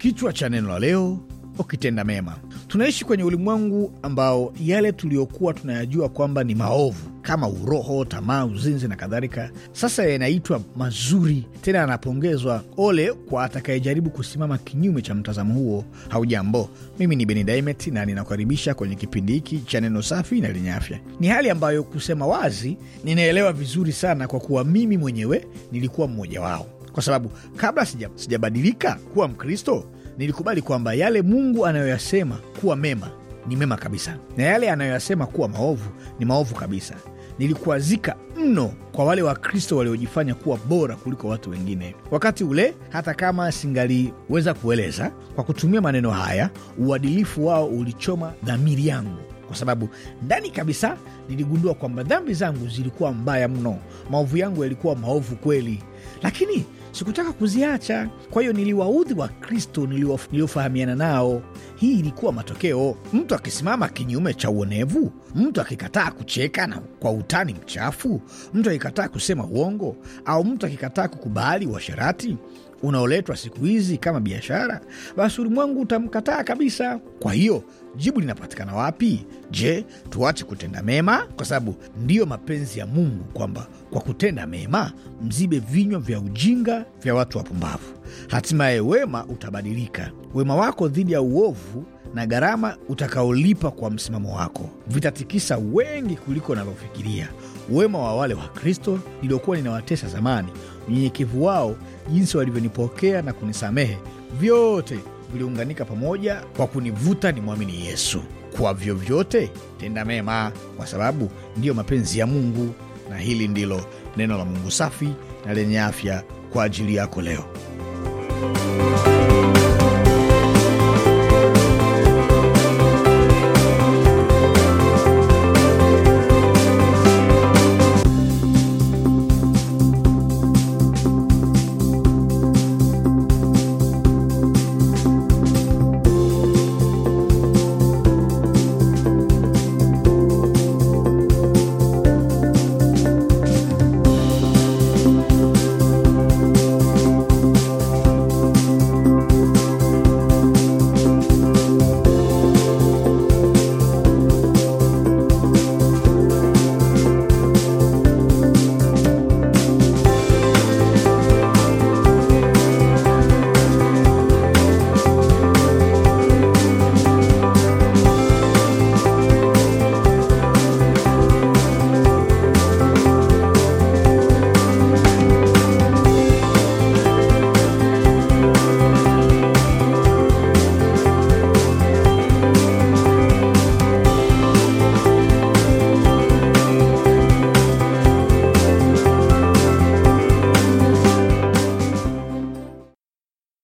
Kichwa cha neno la leo, ukitenda mema. Tunaishi kwenye ulimwengu ambao yale tuliyokuwa tunayajua kwamba ni maovu kama uroho, tamaa, uzinzi na kadhalika, sasa yanaitwa mazuri, tena anapongezwa. Ole kwa atakayejaribu kusimama kinyume cha mtazamo huo. Haujambo, mimi ni benidaimet na ninakaribisha kwenye kipindi hiki cha neno safi na lenye afya. Ni hali ambayo kusema wazi, ninaelewa vizuri sana, kwa kuwa mimi mwenyewe nilikuwa mmoja wao kwa sababu kabla sijabadilika kuwa Mkristo nilikubali kwamba yale Mungu anayoyasema kuwa mema ni mema kabisa na yale anayoyasema kuwa maovu ni maovu kabisa. Nilikuazika mno kwa wale Wakristo waliojifanya kuwa bora kuliko watu wengine wakati ule, hata kama singaliweza kueleza kwa kutumia maneno haya. Uadilifu wao ulichoma dhamiri yangu, kwa sababu ndani kabisa niligundua kwamba dhambi zangu zilikuwa mbaya mno, maovu yangu yalikuwa maovu kweli, lakini sikutaka kuziacha. Kwa hiyo niliwaudhi wa kristo niliofahamiana nao. Hii ilikuwa matokeo: mtu akisimama kinyume cha uonevu, mtu akikataa kucheka na kwa utani mchafu, mtu akikataa kusema uongo, au mtu akikataa kukubali washarati unaoletwa siku hizi kama biashara, basi ulimwengu utamkataa kabisa. Kwa hiyo jibu linapatikana wapi? Je, tuache kutenda mema? Kwa sababu ndiyo mapenzi ya Mungu kwamba kwa kutenda mema mzibe vinywa vya ujinga vya watu wapumbavu. Hatimaye wema utabadilika. Wema wako dhidi ya uovu na gharama utakaolipa kwa msimamo wako vitatikisa wengi kuliko unavyofikiria. Wema wa wale wa kristo niliokuwa ninawatesa zamani, unyenyekevu wao, jinsi walivyonipokea na kunisamehe, vyote viliunganika pamoja kwa kunivuta ni mwamini Yesu. Kwa vyovyote, tenda mema, kwa sababu ndiyo mapenzi ya Mungu, na hili ndilo neno la Mungu safi na lenye afya kwa ajili yako leo.